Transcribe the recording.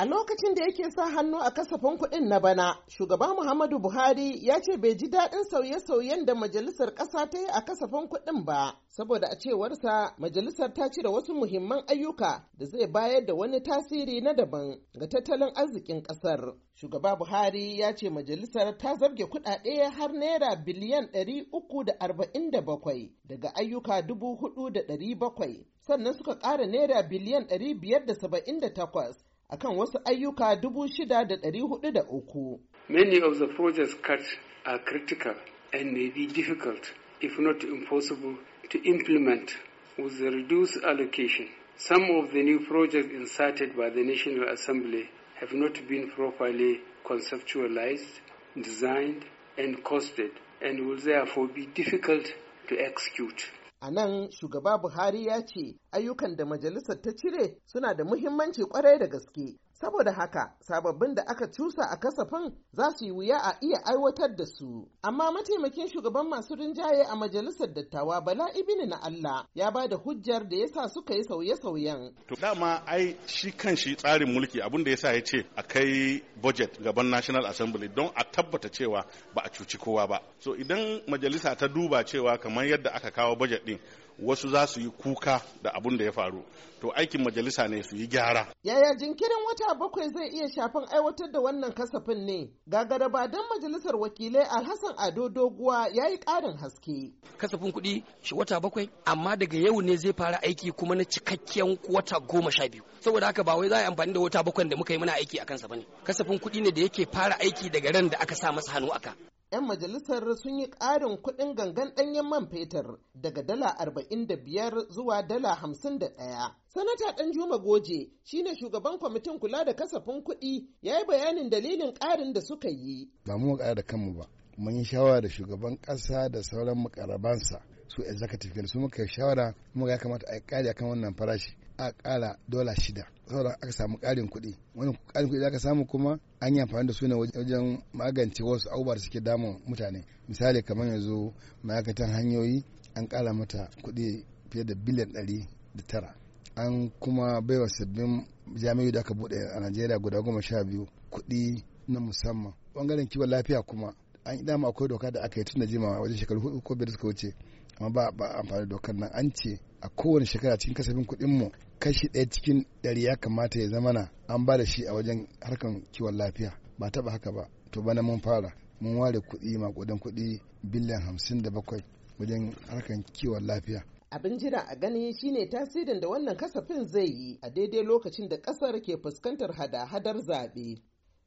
A lokacin da yake sa hannu a kasafin kuɗin na bana, shugaba Muhammadu Buhari ya ce bai ji daɗin sauye-sauyen da majalisar ƙasa ta yi a kasafin kuɗin ba, saboda a cewarsa majalisar ta cire wasu muhimman ayyuka da zai bayar da wani tasiri na daban ga tattalin arzikin ƙasar. Shugaba Buhari ya ce majalisar ta zarge kuɗaɗe har naira biliyan ɗari uku da arba'in da bakwai daga ayyuka dubu hudu da ɗari bakwai, sannan suka ƙara naira biliyan ɗari biyar da saba'in da takwas akan wasu ayyuka dubu shida da ɗari hudu da uku. Many of the projects cut are critical and may be difficult if not impossible to implement with the reduced allocation. Some of the new projects incited by the National Assembly have not been properly conceptualized, designed, and costed and will therefore be difficult to execute. A nan shugaba Buhari ya ce ayyukan da majalisar ta cire suna da muhimmanci kwarai da gaske. Saboda haka sababbin da aka cusa a kasafin za su yi wuya a iya aiwatar da su. Amma mataimakin shugaban masu rinjaye a majalisar dattawa Bala Ibini na Allah ya ba da hujjar da ya sa suka yi sauye-sauyen. To dama ai shi kan shi tsarin mulki abin da yasa ya ce a kai budget gaban National Assembly don a tabbata cewa ba a cuci kowa ba. So idan majalisa ta duba cewa kamar yadda aka kawo budget din wasu za su yi kuka da abun da ya faru to aikin majalisa ne su yi gyara yaya jinkirin wata bakwai zai iya shafin aiwatar da wannan kasafin ne gagaraba don majalisar wakilai alhassan ado doguwa ya yi ƙarin haske kasafin kuɗi shi wata bakwai amma daga yau ne zai fara aiki kuma na cikakken wata goma sha biyu saboda haka ba wai za a yi amfani da wata bakwai da muka yi muna aiki a kansa ne. kasafin kuɗi ne da yake fara aiki daga ran da aka sa masa hannu aka 'yan majalisar sun yi ƙarin kuɗin gangan ɗanyen man fetur daga dala arba'in da biyar zuwa dala hamsin da ɗaya. Sanata Ɗanjuma Goje shine shugaban kwamitin kula da kasafin kuɗi ya yi bayanin dalilin ƙarin da suka yi. Ba mu ƙara da kanmu ba, mun yi shawara da shugaban ƙasa da sauran makarabansa su executive su muka yi shawara kuma ya kamata a ƙari akan wannan farashi a ƙara dola shida saboda aka samu ƙarin kuɗi wani ƙarin kuɗi da aka samu kuma an yi amfani da su ne wajen magance wasu abubuwa da suke damun mutane misali kamar yanzu ma'aikatan hanyoyi an ƙara mata kuɗi fiye da biliyan ɗari da tara an kuma baiwa sabbin jami'o'i da aka buɗe a najeriya guda goma sha biyu kuɗi na musamman ɓangaren kiwon lafiya kuma an yi dama akwai doka da aka yi tun da jimawa wajen shekaru hudu ko biyar suka wuce amma ba ba amfani da dokar nan an ce a kowane shekara cikin kasafin kuɗin mu kashi ɗaya cikin ɗari ya kamata ya zama na an ba da shi a wajen harkar kiwon lafiya ba taɓa haka ba to bana mun fara mun ware kuɗi maƙudan kuɗi biliyan hamsin da bakwai wajen harkar kiwon lafiya abin jira a gani shine tasirin da wannan kasafin zai yi a daidai lokacin da kasar ke fuskantar hada-hadar zaɓe.